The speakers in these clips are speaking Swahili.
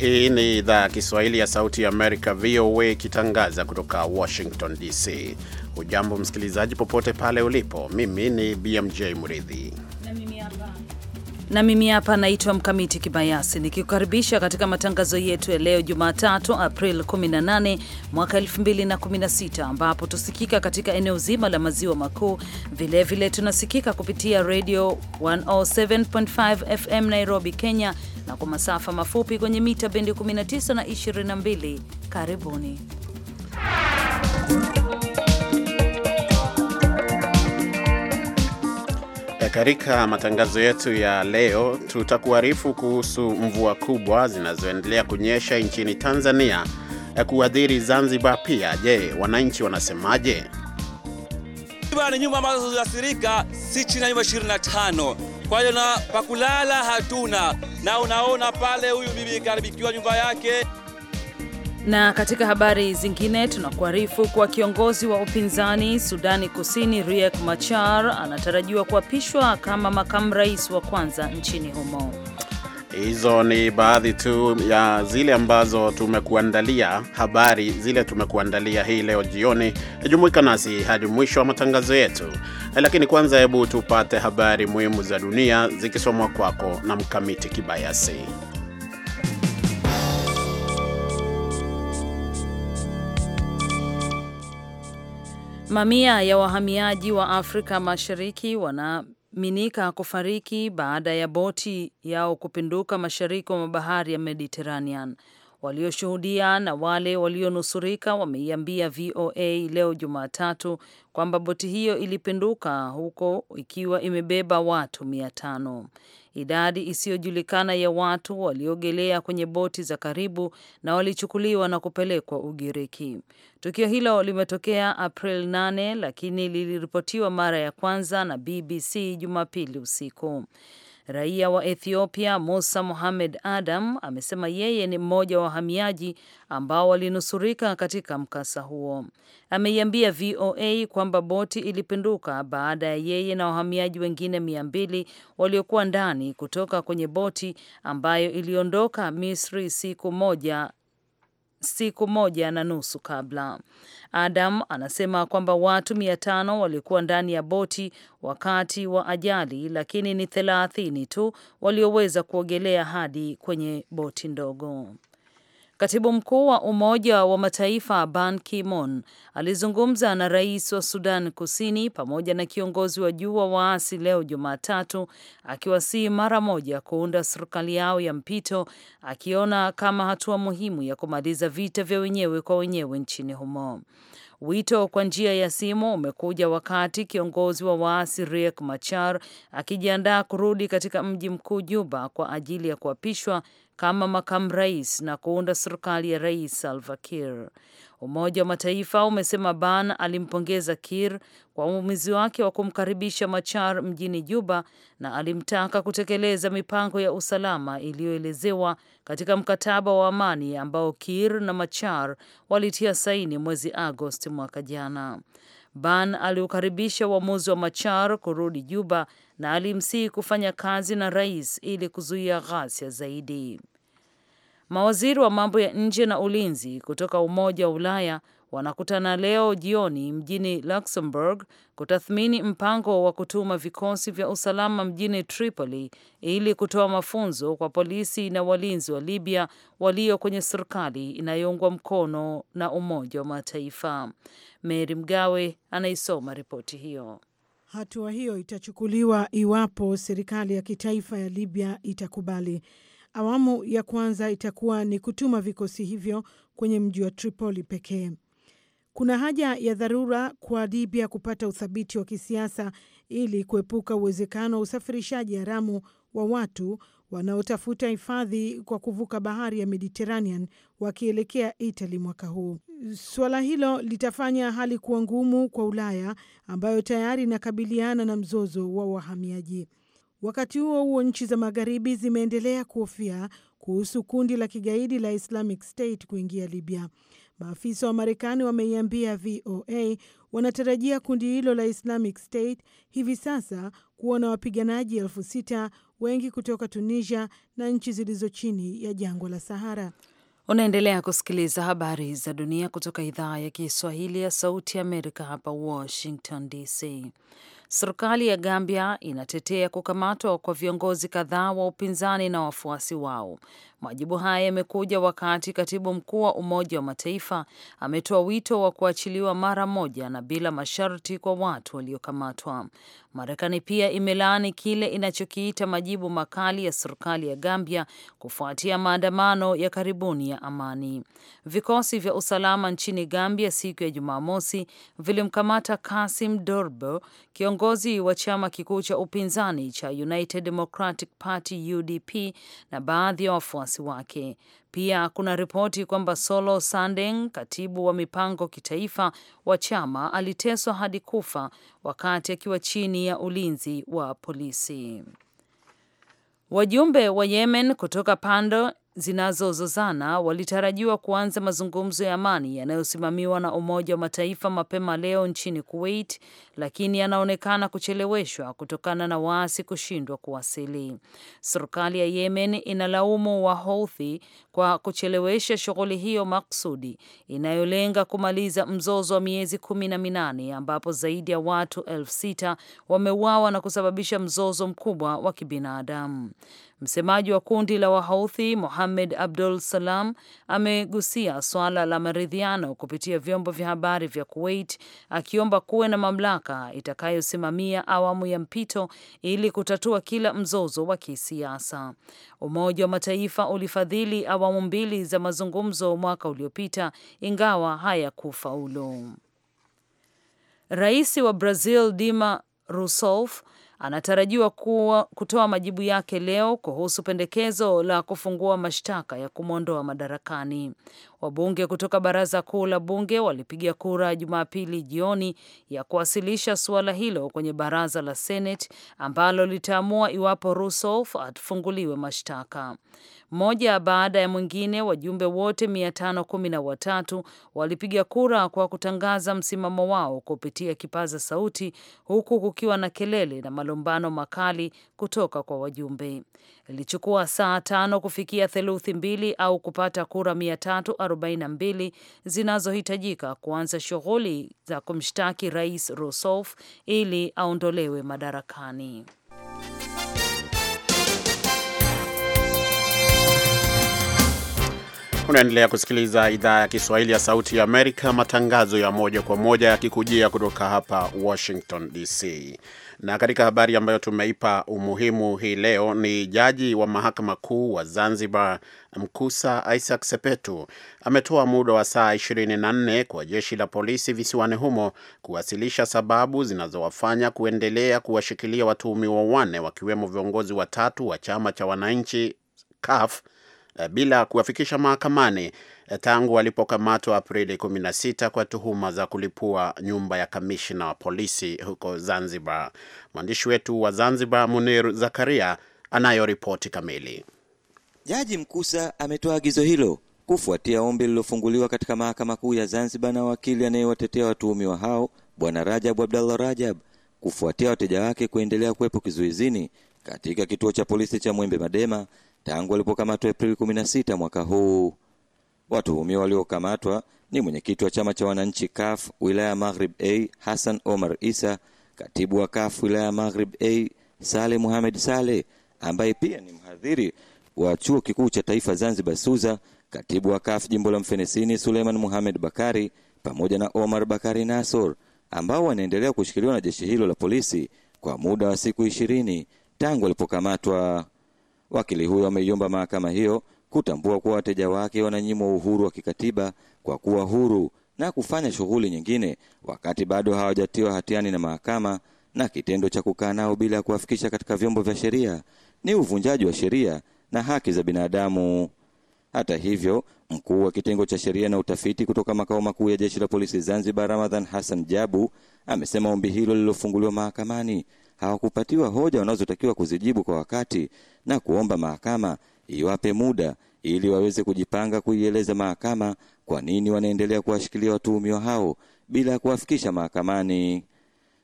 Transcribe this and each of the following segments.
Hii ni idhaa ya Kiswahili ya Sauti ya Amerika, VOA, ikitangaza kutoka Washington DC. Hujambo msikilizaji, popote pale ulipo. Mimi ni BMJ Mridhi na mimi hapa naitwa Mkamiti Kibayasi nikikukaribisha katika matangazo yetu ya leo Jumatatu April 18 mwaka 2016, ambapo tusikika katika eneo zima la maziwa makuu. Vilevile tunasikika kupitia redio 107.5 FM Nairobi, Kenya, na kwa masafa mafupi kwenye mita bendi 19 na 22. Karibuni Katika matangazo yetu ya leo tutakuarifu kuhusu mvua kubwa zinazoendelea kunyesha nchini Tanzania kuadhiri Zanzibar pia. Je, wananchi wanasemaje? Ni nyumba ambazo ziliathirika si chini ya nyumba 25, kwa hiyo na pakulala hatuna, na unaona pale huyu bibi karibikiwa nyumba yake na katika habari zingine tunakuarifu kuwa kiongozi wa upinzani Sudani Kusini Riek Machar anatarajiwa kuapishwa kama makamu rais wa kwanza nchini humo. Hizo ni baadhi tu ya zile ambazo tumekuandalia, habari zile tumekuandalia hii leo jioni. Jumuika nasi hadi mwisho wa matangazo yetu, lakini kwanza, hebu tupate habari muhimu za dunia zikisomwa kwako na Mkamiti Kibayasi. Mamia ya wahamiaji wa Afrika Mashariki wanaaminika kufariki baada ya boti yao kupinduka mashariki mwa bahari ya Mediterranean. Walioshuhudia na wale walionusurika wameiambia VOA leo Jumatatu kwamba boti hiyo ilipinduka huko ikiwa imebeba watu mia tano. Idadi isiyojulikana ya watu waliogelea kwenye boti za karibu na walichukuliwa na kupelekwa Ugiriki. Tukio hilo limetokea April 8 lakini liliripotiwa mara ya kwanza na BBC Jumapili usiku. Raia wa Ethiopia Musa Mohamed Adam amesema yeye ni mmoja wa wahamiaji ambao walinusurika katika mkasa huo. Ameiambia VOA kwamba boti ilipinduka baada ya yeye na wahamiaji wengine mia mbili waliokuwa ndani kutoka kwenye boti ambayo iliondoka Misri siku moja siku moja na nusu kabla. Adam anasema kwamba watu mia tano walikuwa ndani ya boti wakati wa ajali, lakini ni thelathini tu walioweza kuogelea hadi kwenye boti ndogo. Katibu mkuu wa Umoja wa Mataifa Ban Ki-moon alizungumza na rais wa Sudan Kusini pamoja na kiongozi wa juu wa waasi leo Jumatatu, akiwasihi mara moja kuunda serikali yao ya mpito, akiona kama hatua muhimu ya kumaliza vita vya wenyewe kwa wenyewe nchini humo. Wito kwa njia ya simu umekuja wakati kiongozi wa waasi Riek Machar akijiandaa kurudi katika mji mkuu Juba kwa ajili ya kuapishwa kama makamu rais na kuunda serikali ya rais Salva Kiir. Umoja wa Mataifa umesema Ban alimpongeza Kiir kwa uamuzi wake wa kumkaribisha Machar mjini Juba na alimtaka kutekeleza mipango ya usalama iliyoelezewa katika mkataba wa amani ambao Kiir na Machar walitia saini mwezi Agosti mwaka jana. Ban aliukaribisha uamuzi wa Machar kurudi Juba na alimsihi kufanya kazi na rais ili kuzuia ghasia zaidi. Mawaziri wa mambo ya nje na ulinzi kutoka Umoja wa Ulaya wanakutana leo jioni mjini Luxembourg kutathmini mpango wa kutuma vikosi vya usalama mjini Tripoli ili kutoa mafunzo kwa polisi na walinzi wa Libya walio kwenye serikali inayoungwa mkono na Umoja wa Mataifa. Meri Mgawe anaisoma ripoti hiyo. Hatua hiyo itachukuliwa iwapo serikali ya kitaifa ya Libya itakubali. Awamu ya kwanza itakuwa ni kutuma vikosi hivyo kwenye mji wa Tripoli pekee. Kuna haja ya dharura kwa Libya kupata uthabiti wa kisiasa ili kuepuka uwezekano wa usafirishaji haramu wa watu wanaotafuta hifadhi kwa kuvuka bahari ya Mediterranean wakielekea Itali mwaka huu. Suala hilo litafanya hali kuwa ngumu kwa Ulaya ambayo tayari inakabiliana na mzozo wa wahamiaji. Wakati huo huo, nchi za magharibi zimeendelea kuhofia kuhusu kundi la kigaidi la Islamic State kuingia Libya. Maafisa wa Marekani wameiambia VOA wanatarajia kundi hilo la Islamic State hivi sasa kuwa na wapiganaji elfu sita wengi kutoka Tunisia na nchi zilizo chini ya jangwa la Sahara. Unaendelea kusikiliza habari za dunia kutoka idhaa ya Kiswahili ya Sauti ya Amerika, hapa Washington DC. Serikali ya Gambia inatetea kukamatwa kwa viongozi kadhaa wa upinzani na wafuasi wao Majibu haya yamekuja wakati katibu mkuu wa Umoja wa Mataifa ametoa wito wa kuachiliwa mara moja na bila masharti kwa watu waliokamatwa. Marekani pia imelaani kile inachokiita majibu makali ya serikali ya Gambia kufuatia maandamano ya karibuni ya amani. Vikosi vya usalama nchini Gambia siku ya Jumamosi vilimkamata Kasim Dorbo, kiongozi wa chama kikuu cha upinzani cha United Democratic Party UDP, na baadhi ya wafuasi wafuasi wake. Pia kuna ripoti kwamba Solo Sandeng, katibu wa mipango kitaifa wa chama, aliteswa hadi kufa wakati akiwa chini ya ulinzi wa polisi. Wajumbe wa Yemen kutoka pande zinazozozana walitarajiwa kuanza mazungumzo ya amani yanayosimamiwa na Umoja wa Mataifa mapema leo nchini Kuwait, lakini yanaonekana kucheleweshwa kutokana na waasi kushindwa kuwasili. Serikali ya Yemen inalaumu Wahouthi kwa kuchelewesha shughuli hiyo maksudi inayolenga kumaliza mzozo wa miezi kumi na minane ambapo zaidi ya watu elfu sita wameuawa na kusababisha mzozo mkubwa wa kibinadamu. Msemaji wa kundi la Wahouthi Mohamed Abdul Salam amegusia suala la maridhiano kupitia vyombo vya habari vya Kuwait, akiomba kuwe na mamlaka itakayosimamia awamu ya mpito ili kutatua kila mzozo wa kisiasa. Umoja wa Mataifa ulifadhili awamu mbili za mazungumzo mwaka uliopita ingawa hayakufaulu. Rais wa Brazil Dilma Rousseff anatarajiwa kuwa kutoa majibu yake leo kuhusu pendekezo la kufungua mashtaka ya kumwondoa madarakani. Wabunge kutoka baraza kuu la bunge walipiga kura Jumapili jioni ya kuwasilisha suala hilo kwenye baraza la Senate ambalo litaamua iwapo Rusof atufunguliwe mashtaka. Mmoja baada ya mwingine, wajumbe wote watatu walipiga kura kwa kutangaza msimamo wao kupitia kipaza sauti, huku kukiwa na kelele na malumbano makali kutoka kwa wajumbe. Ilichukua saa tano kufikia theluthi mbili au kupata kura tatu 42 zinazohitajika kuanza shughuli za kumshtaki Rais Rousseff ili aondolewe madarakani. Unaendelea kusikiliza idhaa ya Kiswahili ya Sauti ya Amerika, matangazo ya moja kwa moja yakikujia kutoka hapa Washington DC. Na katika habari ambayo tumeipa umuhimu hii leo ni jaji wa mahakama kuu wa Zanzibar Mkusa Isaac Sepetu ametoa muda wa saa 24 kwa jeshi la polisi visiwani humo kuwasilisha sababu zinazowafanya kuendelea kuwashikilia watuhumiwa wanne wakiwemo viongozi watatu wa chama cha wananchi CUF eh, bila kuwafikisha mahakamani Eh, tangu alipokamatwa Aprili 16 kwa tuhuma za kulipua nyumba ya kamishna wa polisi huko Zanzibar. Mwandishi wetu wa Zanzibar, Munir Zakaria, anayo ripoti kamili. Jaji Mkusa ametoa agizo hilo kufuatia ombi lililofunguliwa katika mahakama kuu ya Zanzibar na wakili anayewatetea watuhumiwa hao Bwana Rajab Abdallah Rajab kufuatia wateja wake kuendelea kuwepo kizuizini katika kituo cha polisi cha Mwembe Madema tangu alipokamatwa Aprili 16 mwaka huu. Watuhumiwa waliokamatwa ni mwenyekiti wa chama cha wananchi kaf wilaya Maghrib A Hassan Omar Isa, katibu wa kaf wilaya Maghrib A Saleh Muhamed Saleh ambaye pia ni mhadhiri wa chuo kikuu cha taifa Zanzibar SUZA, katibu wa kaf jimbo la Mfenesini Suleiman Muhamed Bakari pamoja na Omar Bakari Nasor ambao wanaendelea kushikiliwa na jeshi hilo la polisi kwa muda wa siku ishirini tangu walipokamatwa. Wakili huyo ameiomba mahakama hiyo kutambua kuwa wateja wake wananyimwa uhuru wa kikatiba kwa kuwa huru na kufanya shughuli nyingine wakati bado hawajatiwa hatiani na mahakama, na kitendo cha kukaa nao bila ya kuwafikisha katika vyombo vya sheria ni uvunjaji wa sheria na haki za binadamu. Hata hivyo, mkuu wa kitengo cha sheria na utafiti kutoka makao makuu ya jeshi la polisi Zanzibar, Ramadhan Hassan Jabu, amesema ombi hilo lililofunguliwa mahakamani hawakupatiwa hoja wanazotakiwa kuzijibu kwa wakati na kuomba mahakama iwape muda ili waweze kujipanga kuieleza mahakama kwa nini wanaendelea kuwashikilia watuhumiwa hao bila ya kuwafikisha mahakamani.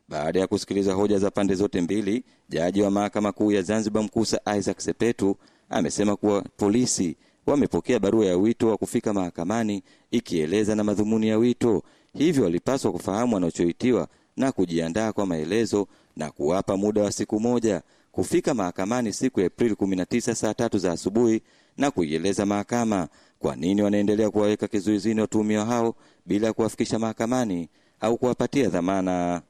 Baada ya kusikiliza hoja za pande zote mbili, jaji wa mahakama kuu ya Zanzibar Mkusa Isaac Sepetu amesema kuwa polisi wamepokea barua ya wito wa kufika mahakamani ikieleza na madhumuni ya wito, hivyo walipaswa kufahamu wanachoitiwa na kujiandaa kwa maelezo na kuwapa muda wa siku moja kufika mahakamani siku ya Aprili 19 saa tatu za asubuhi na kuieleza mahakama kwa nini wanaendelea kuwaweka kizuizini watuhumiwa hao bila ya kuwafikisha mahakamani au kuwapatia dhamana.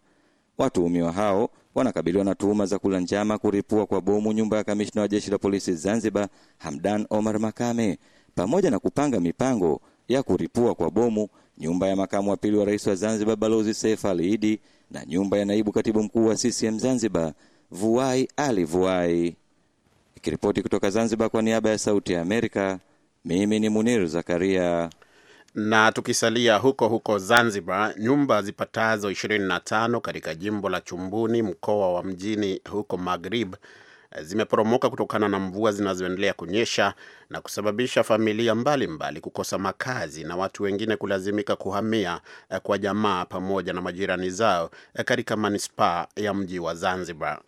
Watuhumiwa hao wanakabiliwa na tuhuma za kula njama kuripua kwa bomu nyumba ya kamishna wa jeshi la polisi Zanzibar Hamdan Omar Makame pamoja na kupanga mipango ya kuripua kwa bomu nyumba ya makamu wa pili wa rais wa Zanzibar Balozi Seif Ali na nyumba ya naibu katibu mkuu wa CCM Zanzibar Vuai Ali Vuai. ikiripoti kutoka Zanzibar kwa niaba ya Sauti ya Amerika, mimi ni Munir Zakaria. Na tukisalia huko huko Zanzibar, nyumba zipatazo 25 katika jimbo la Chumbuni, mkoa wa mjini huko Maghrib zimeporomoka kutokana na mvua zinazoendelea kunyesha na kusababisha familia mbalimbali mbali kukosa makazi na watu wengine kulazimika kuhamia eh, kwa jamaa pamoja na majirani zao eh, katika manispaa ya mji wa Zanzibar.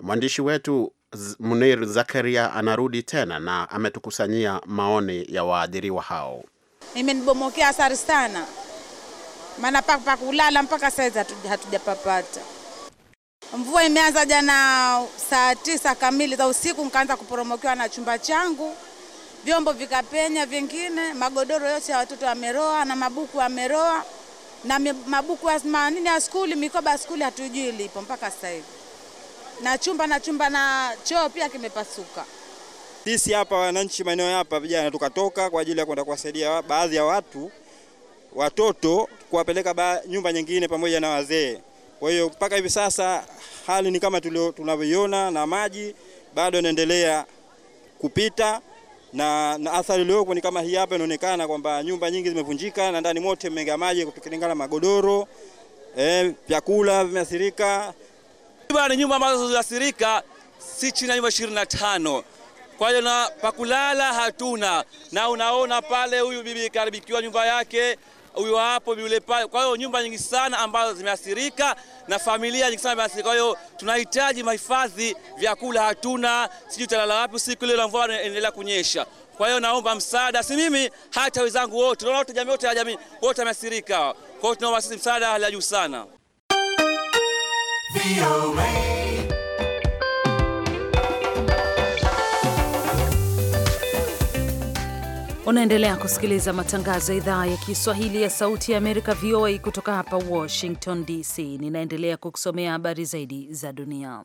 Mwandishi wetu Munir Zakaria anarudi tena na ametukusanyia maoni ya waadhiriwa hao. Imenibomokea sari sana, maana pakulala mpaka saizi hatujapapata hatuja Mvua imeanza jana saa tisa kamili za usiku, nikaanza kuporomokewa na chumba changu, vyombo vikapenya, vingine magodoro yote ya watoto yameroa na mabuku yameroa na mabuku ya nini ya skuli, mikoba ya skuli hatujui ilipo mpaka sasa hivi, na chumba na chumba na choo pia kimepasuka. Sisi hapa wananchi maeneo hapa vijana tukatoka kwa ajili ya kwenda kuwasaidia baadhi ya watu watoto kuwapeleka nyumba nyingine pamoja na wazee. Kwa hiyo mpaka hivi sasa hali ni kama tunavyoiona, na maji bado yanaendelea kupita na, na athari iliyopo ni kama hii hapa inaonekana kwamba nyumba nyingi zimevunjika na ndani mote mmega maji kulingana magodoro eh, vyakula vimeathirika. Ni nyumba ambazo zimeathirika si chini ya nyumba ishirini na tano. Kwa hiyo na pakulala hatuna, na unaona pale huyu bibi karibikiwa nyumba yake uiwapo yule pale. Kwa hiyo nyumba nyingi sana ambazo zimeathirika na familia nyingi sana zimeathirika. Kwa hiyo tunahitaji mahifadhi, vyakula hatuna, sijui talala wapi usiku ile mvua inaendelea kunyesha. Kwa hiyo naomba msaada, si mimi, hata wenzangu wote, tunaona wote, jamii wote ya jamii wote wameathirika. Kwa hiyo tunaomba sisi msaada hali ya juu sana. Unaendelea kusikiliza matangazo ya idhaa ya Kiswahili ya Sauti ya Amerika, VOA, kutoka hapa Washington DC. Ninaendelea kukusomea habari zaidi za dunia.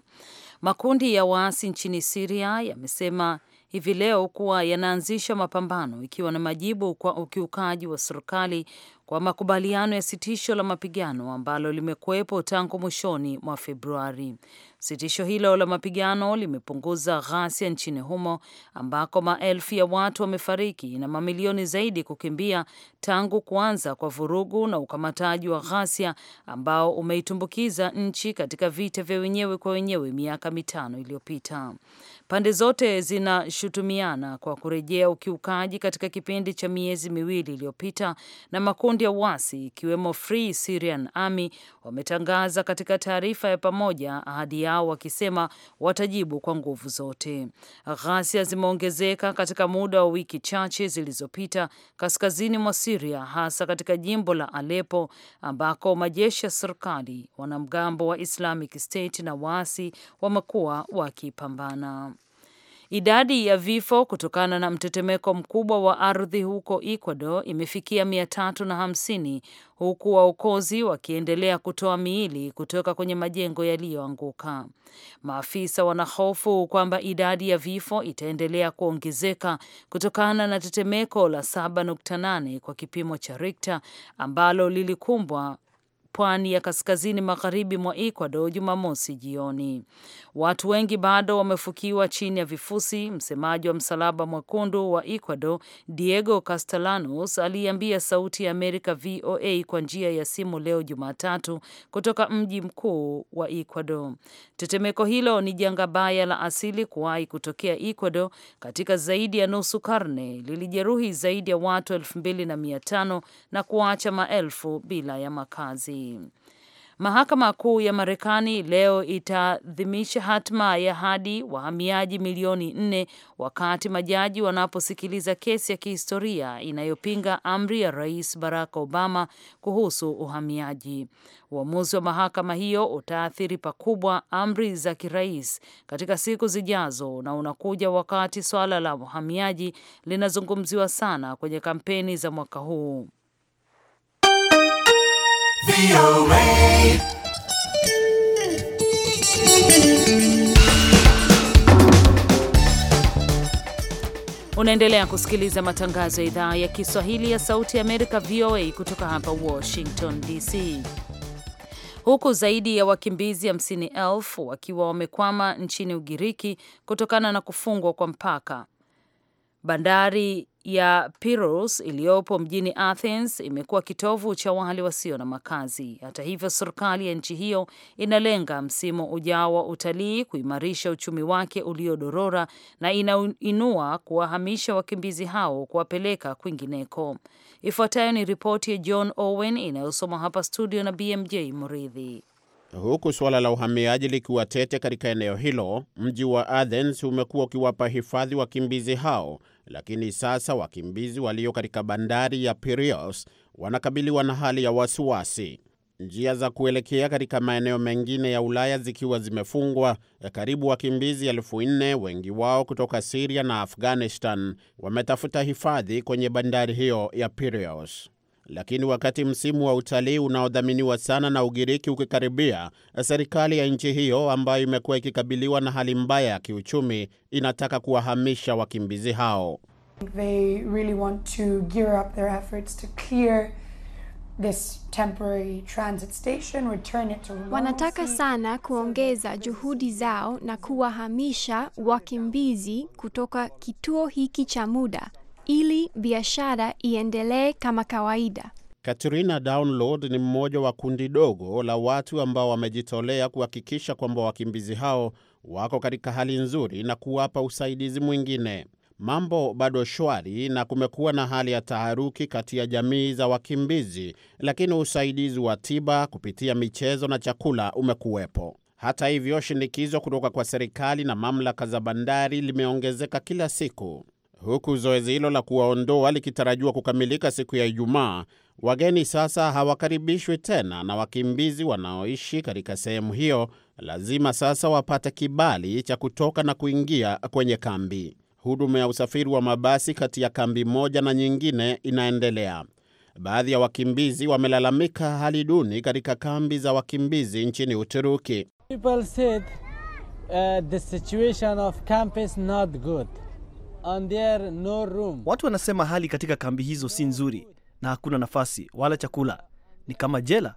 Makundi ya waasi nchini Siria yamesema hivi leo kuwa yanaanzisha mapambano ikiwa na majibu kwa ukiukaji wa serikali kwa makubaliano ya sitisho la mapigano ambalo limekuwepo tangu mwishoni mwa Februari. Sitisho hilo la mapigano limepunguza ghasia nchini humo ambako maelfu ya watu wamefariki na mamilioni zaidi kukimbia tangu kuanza kwa vurugu na ukamataji wa ghasia ambao umeitumbukiza nchi katika vita vya wenyewe kwa wenyewe miaka mitano iliyopita. Pande zote zinashutumiana kwa kurejea ukiukaji katika kipindi cha miezi miwili iliyopita na makundi makundi ya uasi ikiwemo Free Syrian Army wametangaza katika taarifa ya pamoja ahadi yao wakisema watajibu kwa nguvu zote. Ghasia zimeongezeka katika muda wa wiki chache zilizopita kaskazini mwa Siria, hasa katika jimbo la Alepo ambako majeshi ya serikali, wanamgambo wa Islamic State na waasi wamekuwa wakipambana. Idadi ya vifo kutokana na mtetemeko mkubwa wa ardhi huko Ecuador imefikia mia tatu na hamsini huku waokozi wakiendelea kutoa miili kutoka kwenye majengo yaliyoanguka. Maafisa wanahofu kwamba idadi ya vifo itaendelea kuongezeka kutokana na tetemeko la 7.8 kwa kipimo cha Richter ambalo lilikumbwa pwani ya kaskazini magharibi mwa Ecuador Jumamosi jioni. Watu wengi bado wamefukiwa chini ya vifusi. Msemaji wa Msalaba Mwekundu wa Ecuador Diego Castellanos aliambia Sauti ya Amerika VOA kwa njia ya simu leo Jumatatu kutoka mji mkuu wa Ecuador. Tetemeko hilo ni janga baya la asili kuwahi kutokea Ecuador katika zaidi ya nusu karne. Lilijeruhi zaidi ya watu 25 na mia na kuacha maelfu bila ya makazi. Mahakama Kuu ya Marekani leo itaadhimisha hatima ya hadi wahamiaji milioni nne wakati majaji wanaposikiliza kesi ya kihistoria inayopinga amri ya Rais Barack Obama kuhusu uhamiaji. Uamuzi wa mahakama hiyo utaathiri pakubwa amri za kirais katika siku zijazo na unakuja wakati swala la uhamiaji linazungumziwa sana kwenye kampeni za mwaka huu. Unaendelea kusikiliza matangazo ya idhaa ya Kiswahili ya Sauti ya Amerika, VOA, kutoka hapa Washington DC. Huku zaidi ya wakimbizi hamsini elfu wakiwa wamekwama nchini Ugiriki kutokana na kufungwa kwa mpaka, bandari ya piros iliyopo mjini Athens imekuwa kitovu cha wale wasio na makazi. Hata hivyo, serikali ya nchi hiyo inalenga msimu ujao wa utalii kuimarisha uchumi wake uliodorora na inainua kuwahamisha wakimbizi hao kuwapeleka kwingineko. Ifuatayo ni ripoti ya John Owen inayosoma hapa studio na BMJ Muridhi huku suala la uhamiaji likiwa tete katika eneo hilo. Mji wa Athens umekuwa ukiwapa hifadhi wakimbizi hao, lakini sasa wakimbizi walio katika bandari ya Piraeus wanakabiliwa na hali ya wasiwasi, njia za kuelekea katika maeneo mengine ya Ulaya zikiwa zimefungwa. Karibu wakimbizi elfu nne, wengi wao kutoka Siria na Afghanistan, wametafuta hifadhi kwenye bandari hiyo ya Piraeus. Lakini wakati msimu wa utalii unaodhaminiwa sana na Ugiriki ukikaribia, serikali ya nchi hiyo ambayo imekuwa ikikabiliwa na hali mbaya ya kiuchumi inataka kuwahamisha wakimbizi hao. They really want to gear up their efforts to clear This temporary transit station, return it to wanataka sana kuongeza juhudi zao na kuwahamisha wakimbizi kutoka kituo hiki cha muda ili biashara iendelee kama kawaida. Katrina Download ni mmoja wa kundi dogo la watu ambao wamejitolea kuhakikisha kwamba wakimbizi hao wako katika hali nzuri na kuwapa usaidizi mwingine. Mambo bado shwari na kumekuwa na hali ya taharuki kati ya jamii za wakimbizi, lakini usaidizi wa tiba kupitia michezo na chakula umekuwepo. Hata hivyo, shinikizo kutoka kwa serikali na mamlaka za bandari limeongezeka kila siku. Huku zoezi hilo la kuwaondoa likitarajiwa kukamilika siku ya Ijumaa, wageni sasa hawakaribishwi tena, na wakimbizi wanaoishi katika sehemu hiyo lazima sasa wapate kibali cha kutoka na kuingia kwenye kambi. Huduma ya usafiri wa mabasi kati ya kambi moja na nyingine inaendelea. Baadhi ya wakimbizi wamelalamika hali duni katika kambi za wakimbizi nchini Uturuki. People said, uh, the situation of camp is not good. And there no room. Watu wanasema hali katika kambi hizo si nzuri na hakuna nafasi wala chakula, ni kama jela.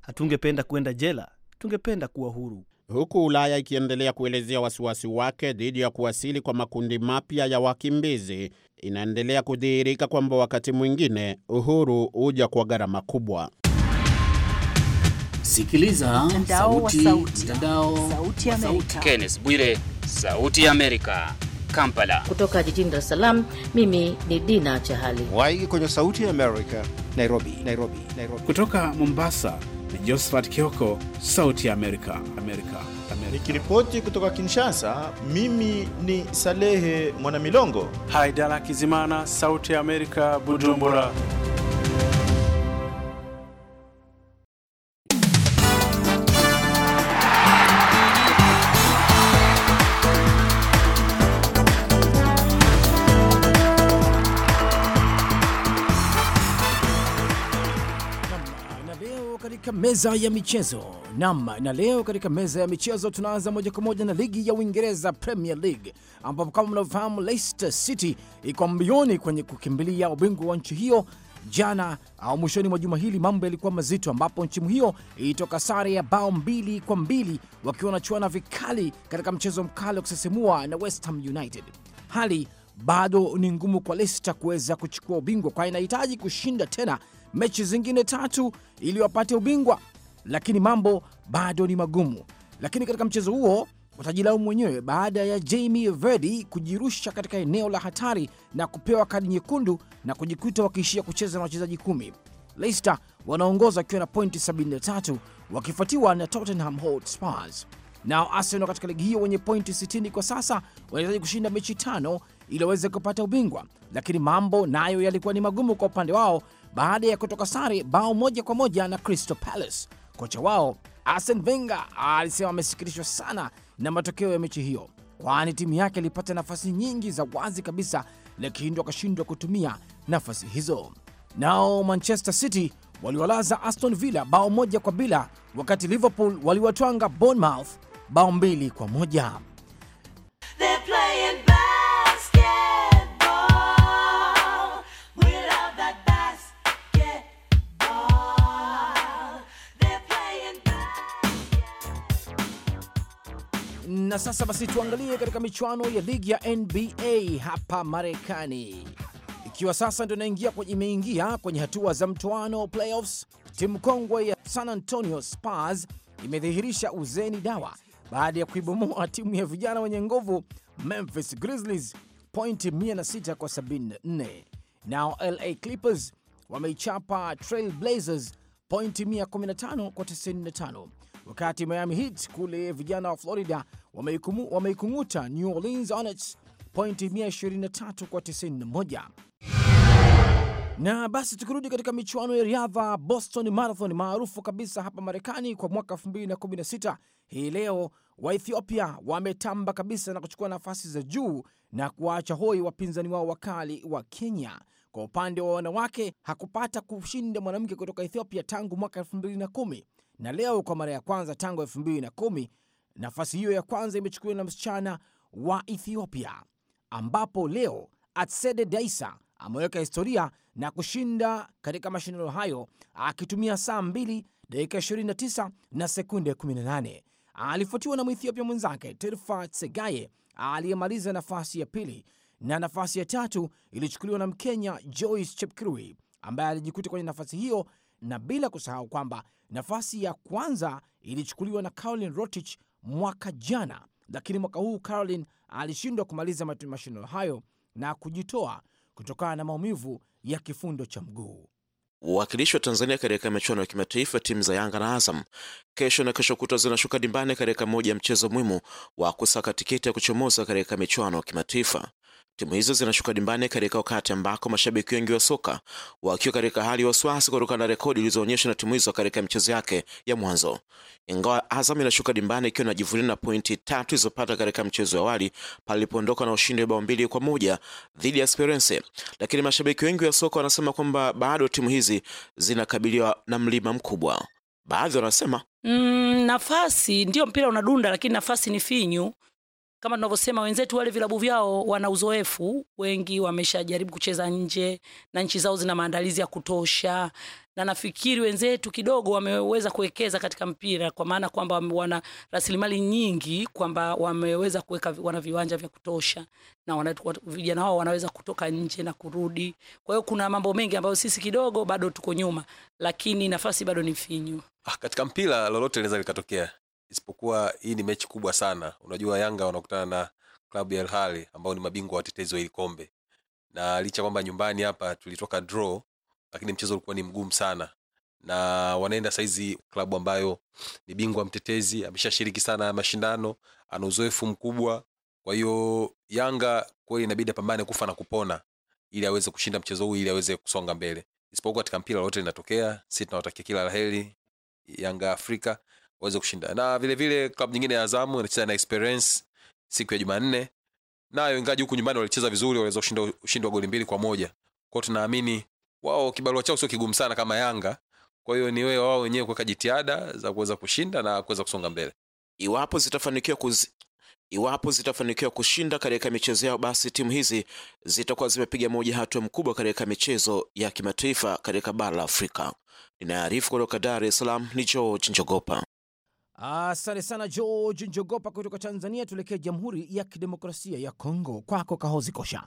Hatungependa kuenda jela, tungependa kuwa huru. Huku Ulaya ikiendelea kuelezea wasiwasi wake dhidi ya kuwasili kwa makundi mapya ya wakimbizi, inaendelea kudhihirika kwamba wakati mwingine uhuru huja kwa gharama kubwa. Sikiliza mtandao sauti, sauti, sauti, sauti. Bwire, Sauti ya Amerika. Kampala. Kutoka jijini Dar es Salaam, mimi ni Dina Chahali Waigi kwenye Sauti ya Amerika, Nairobi. Nairobi, Nairobi. Kutoka Mombasa ni Josephat Kioko, Sauti ya Amerika, Amerika. Nikiripoti kutoka Kinshasa, mimi ni Salehe Mwanamilongo. Haidala Kizimana, Sauti ya Amerika, Bujumbura. meza ya michezo nam. Na leo katika meza ya michezo tunaanza moja kwa moja na ligi ya Uingereza, Premier League, ambapo kama mnavyofahamu Leicester City iko mbioni kwenye kukimbilia ubingwa wa nchi hiyo. Jana au mwishoni mwa juma hili mambo yalikuwa mazito, ambapo nchimu hiyo ilitoka sare ya bao mbili kwa mbili wakiwa wanachuana vikali katika mchezo mkali wa kusisimua na West Ham United. Hali bado ni ngumu kwa Leicester kuweza kuchukua ubingwa, kwa inahitaji kushinda tena mechi zingine tatu ili wapate ubingwa, lakini mambo bado ni magumu. Lakini katika mchezo huo watajilaumu mwenyewe baada ya Jamie Vardy kujirusha katika eneo la hatari na kupewa kadi nyekundu na kujikuta wakiishia kucheza na wachezaji kumi. Leicester wanaongoza wakiwa na pointi 73 wakifuatiwa na Tottenham Hotspur. Nao Arsenal katika ligi hiyo wenye pointi 60 kwa sasa wanahitaji kushinda mechi tano ili waweze kupata ubingwa, lakini mambo nayo yalikuwa ni magumu kwa upande wao baada ya kutoka sare bao moja kwa moja na Crystal Palace. Kocha wao Arsene Wenger alisema amesikitishwa sana na matokeo ya mechi hiyo, kwani timu yake ilipata nafasi nyingi za wazi kabisa, lakini akashindwa kutumia nafasi hizo. Nao Manchester City waliwalaza Aston Villa bao moja kwa bila, wakati Liverpool waliwatwanga Bournemouth bao mbili kwa moja. sasa basi tuangalie katika michuano ya ligi ya NBA hapa Marekani, ikiwa sasa ndio inaingia imeingia kwenye hatua za mtoano playoffs. Timu kongwe ya San Antonio Spurs imedhihirisha uzeni dawa baada ya kuibomoa timu ya vijana wenye nguvu Memphis Grizzlies pointi 106 kwa 74. Nao LA Clippers wameichapa Trail Blazers pointi 115 kwa 95 wakati Miami Heat kule vijana wa Florida wameikung'uta New Orleans Hornets pointi 123 kwa 91. Na basi tukirudi katika michuano ya riadha, Boston Marathon maarufu kabisa hapa Marekani kwa mwaka 2016, hii leo Waethiopia wametamba kabisa na kuchukua nafasi za juu na kuwaacha hoi wapinzani wao wakali wa Kenya. Kwa upande wa wanawake, hakupata kushinda mwanamke kutoka Ethiopia tangu mwaka 2010 na leo kwa mara ya kwanza tangu elfu mbili na kumi nafasi hiyo ya kwanza imechukuliwa na msichana wa Ethiopia, ambapo leo Atsede Daisa ameweka historia na kushinda katika mashindano hayo akitumia saa 2 dakika 29 na sekunde 18. Alifuatiwa na Mwethiopia mwenzake terfa Tsegaye aliyemaliza nafasi ya pili, na nafasi ya tatu ilichukuliwa na Mkenya Joyce Chepkirui ambaye alijikuta kwenye nafasi hiyo na bila kusahau kwamba nafasi ya kwanza ilichukuliwa na Caroline Rotich mwaka jana, lakini mwaka huu Caroline alishindwa kumaliza mashindano hayo na kujitoa kutokana na maumivu ya kifundo cha mguu. Uwakilishi wa Tanzania katika michuano ya kimataifa, timu za Yanga na Azam kesho na kesho kutwa zinashuka dimbani katika moja ya mchezo muhimu wa kusaka tiketi ya kuchomoza katika michuano ya kimataifa. Timu hizo zinashuka dimbani katika wakati ambako mashabiki wengi wa soka wakiwa katika hali ya wasiwasi kutokana na rekodi ilizoonyeshwa na timu hizo katika michezo yake ya mwanzo. Ingawa Azam inashuka dimbani ikiwa inajivunia na pointi tatu ilizopata katika mchezo wa awali palipoondoka na ushindi wa bao mbili kwa moja dhidi ya Esperance, lakini mashabiki wengi wa soka wanasema kwamba bado timu hizi zinakabiliwa na mlima mkubwa. Baadhi wanasema mm, nafasi ndiyo mpira unadunda, lakini nafasi ni finyu kama tunavyosema wenzetu wale vilabu vyao wana uzoefu, wengi wameshajaribu kucheza nje na nchi zao zina maandalizi ya kutosha, na nafikiri wenzetu kidogo wameweza kuwekeza katika mpira, kwa maana kwamba wana rasilimali nyingi, kwamba wameweza kuweka, wana viwanja vya kutosha na vijana wao wanaweza kutoka nje na kurudi. Kwa hiyo kuna mambo mengi ambayo sisi kidogo bado tuko nyuma, lakini nafasi bado ni finyu. Ah, katika mpira lolote linaweza likatokea isipokuwa hii ni mechi kubwa sana. Unajua Yanga wanakutana na klabu ya al ambao ni mabingwa watetezi wa hili kombe, na licha kwamba nyumbani hapa tulitoka draw, lakini mchezo ulikuwa ni mgumu sana, na wanaenda saizi klabu ambayo ni bingwa mtetezi, ameshashiriki sana mashindano, ana uzoefu mkubwa. Kwa hiyo Yanga kweli inabidi apambane kufa na kupona ili aweze kushinda mchezo huu ili aweze kusonga mbele. Isipokuwa katika mpira lolote linatokea, si tunawatakia kila la Yanga Afrika waweze kushinda na vile vile klabu nyingine ya azamu inacheza na experience siku ya jumanne nayo ingaji huku nyumbani walicheza vizuri waliweza kushinda ushindi wa goli mbili kwa moja kwao tunaamini wao kibarua chao sio kigumu sana kama yanga kwa hiyo ni wewe wao wenyewe kuweka jitihada za kuweza kushinda na kuweza kusonga mbele iwapo zitafanikiwa kuzi iwapo zitafanikiwa kushinda katika michezo yao basi timu hizi zitakuwa zimepiga moja hatua mkubwa katika michezo ya kimataifa katika bara la afrika ninaarifu kutoka dar es salaam ni george njogopa Asante sana George Njogopa kutoka Tanzania. Tuelekee Jamhuri ya Kidemokrasia ya Kongo, kwako Kahozi Kosha.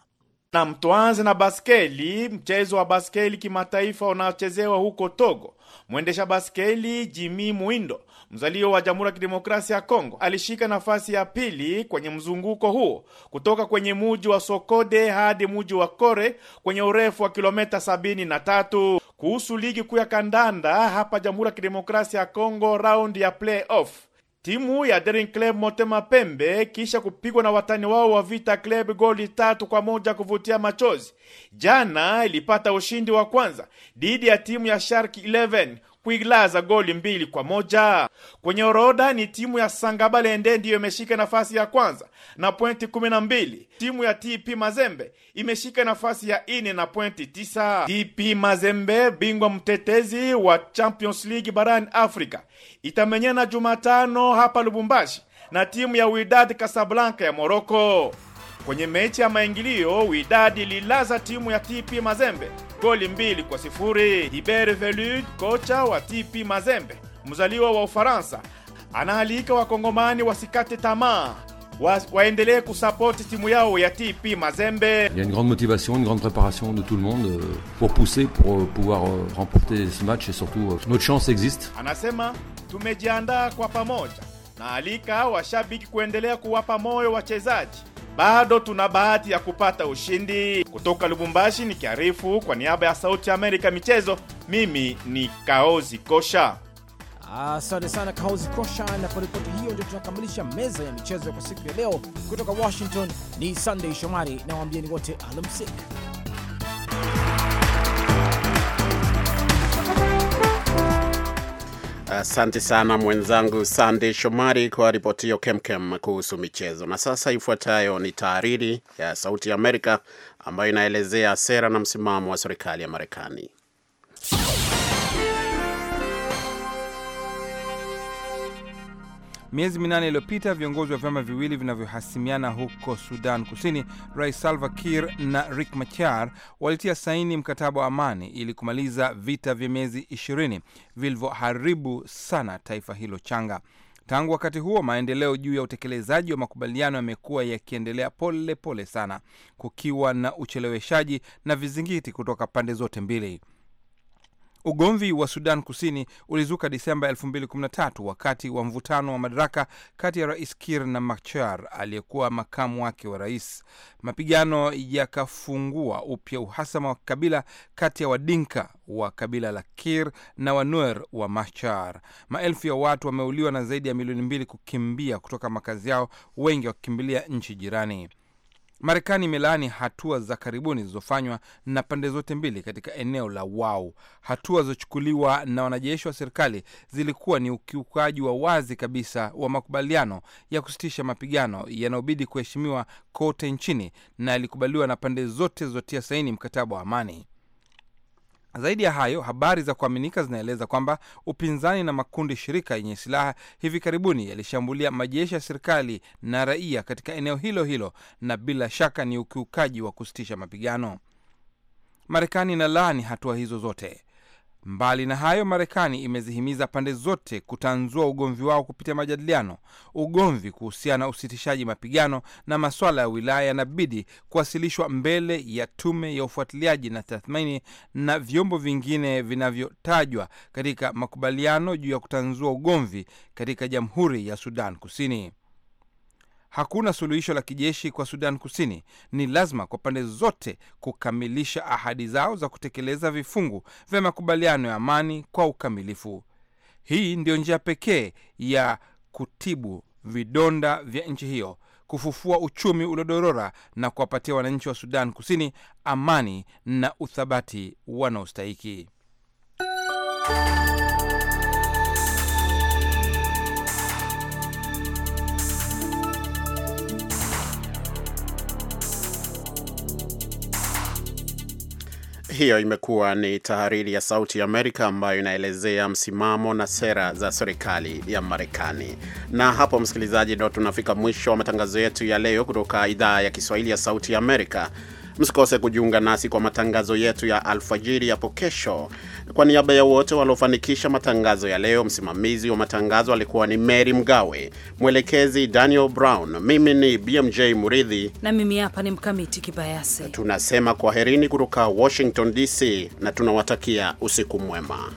Nam, tuanze na baskeli. Mchezo wa baskeli kimataifa unaochezewa huko Togo, mwendesha baskeli Jimi Muindo mzalio wa Jamhuri ya Kidemokrasia ya Kongo alishika nafasi ya pili kwenye mzunguko huo kutoka kwenye muji wa Sokode hadi muji wa Kore kwenye urefu wa kilomita 73. Kuhusu ligi kuu ya kandanda hapa Jamhuri ya Kidemokrasia ya Kongo, raundi ya playoff Timu ya Daring Club Motema Pembe kisha kupigwa na watani wao wa Vita Club goli tatu kwa moja kuvutia machozi, jana ilipata ushindi wa kwanza dhidi ya timu ya Shark 11 kuilaza goli mbili kwa moja. Kwenye orodha ni timu ya Sangabalende ndiyo imeshika nafasi ya kwanza na pointi 12. Timu ya TP Mazembe imeshika nafasi ya ine na pointi tisa. TP Mazembe, bingwa mtetezi wa Champions League barani Afrika, itamenyana Jumatano hapa Lubumbashi na timu ya Widad kasablanka ya Moroko. Kwenye mechi ya maingilio Wydad lilaza timu ya TP Mazembe goli mbili kwa sifuri. Hubert Velud, kocha wa TP Mazembe mzaliwa wa Ufaransa, anaalika wakongomani wasikate tamaa wa, waendelee kusapoti timu yao ya TP Mazembe. Il y a une grande motivation, une grande préparation de tout le monde euh, pour pousser pour euh, pouvoir euh, remporter ce match et surtout notre chance existe. Anasema tumejiandaa kwa pamoja, naalika washabiki kuendelea kuwapa moyo wachezaji bado tuna bahati ya kupata ushindi. Kutoka Lubumbashi ni kiarifu kwa niaba ya Sauti ya Amerika michezo, mimi ni Kaozi Kosha. Asante sana Kaozi Kosha, na kwa ripoti hiyo ndio tunakamilisha meza ya michezo kwa siku ya leo. Kutoka Washington ni Sunday Shomari na waambieni wote alamsik. Asante uh, sana mwenzangu Sandey Shomari kwa ripoti hiyo kemkem kuhusu michezo. Na sasa ifuatayo ni tahariri ya Sauti ya Amerika ambayo inaelezea sera na msimamo wa serikali ya Marekani. Miezi minane iliyopita viongozi wa vyama viwili vinavyohasimiana huko Sudan Kusini, Rais Salva Kiir na Riek Machar walitia saini mkataba wa amani ili kumaliza vita vya miezi 20 vilivyoharibu sana taifa hilo changa. Tangu wakati huo maendeleo juu ya utekelezaji wa makubaliano yamekuwa yakiendelea pole pole sana, kukiwa na ucheleweshaji na vizingiti kutoka pande zote mbili. Ugomvi wa Sudan Kusini ulizuka Disemba 2013 wakati wa mvutano wa madaraka kati ya Rais Kir na Machar aliyekuwa makamu wake wa rais. Mapigano yakafungua upya uhasama wa kabila kati ya Wadinka wa kabila la Kir na Wanuer wa Machar. Maelfu ya watu wameuliwa na zaidi ya milioni mbili kukimbia kutoka makazi yao, wengi wakikimbilia nchi jirani. Marekani imelaani hatua za karibuni zilizofanywa na pande zote mbili katika eneo la Wau. Hatua zilizochukuliwa na wanajeshi wa serikali zilikuwa ni ukiukaji wa wazi kabisa wa makubaliano ya kusitisha mapigano yanayobidi kuheshimiwa kote nchini na yalikubaliwa na pande zote zilizotia saini mkataba wa amani. Zaidi ya hayo, habari za kuaminika zinaeleza kwamba upinzani na makundi shirika yenye silaha hivi karibuni yalishambulia majeshi ya serikali na raia katika eneo hilo hilo, na bila shaka ni ukiukaji wa kusitisha mapigano. Marekani inalaani hatua hizo zote. Mbali na hayo, Marekani imezihimiza pande zote kutanzua ugomvi wao kupitia majadiliano. Ugomvi kuhusiana na usitishaji mapigano na maswala ya wilaya yanabidi kuwasilishwa mbele ya tume ya ufuatiliaji na tathmini na vyombo vingine vinavyotajwa katika makubaliano juu ya kutanzua ugomvi katika Jamhuri ya Sudan Kusini hakuna suluhisho la kijeshi kwa Sudan Kusini. Ni lazima kwa pande zote kukamilisha ahadi zao za kutekeleza vifungu vya makubaliano ya amani kwa ukamilifu. Hii ndiyo njia pekee ya kutibu vidonda vya nchi hiyo, kufufua uchumi uliodorora na kuwapatia wananchi wa Sudan Kusini amani na uthabati wanaostahiki. Hiyo imekuwa ni tahariri ya Sauti ya Amerika ambayo inaelezea msimamo na sera za serikali ya Marekani. Na hapo, msikilizaji, ndo tunafika mwisho wa matangazo yetu ya leo kutoka idhaa ya Kiswahili ya Sauti ya Amerika. Msikose kujiunga nasi kwa matangazo yetu ya alfajiri hapo kesho. Kwa niaba ya wote waliofanikisha matangazo ya leo, msimamizi wa matangazo alikuwa ni Mary Mgawe, mwelekezi Daniel Brown, mimi ni BMJ Muridhi na mimi hapa ni Mkamiti Kibayasi. Tunasema kwaherini kutoka Washington DC na tunawatakia usiku mwema.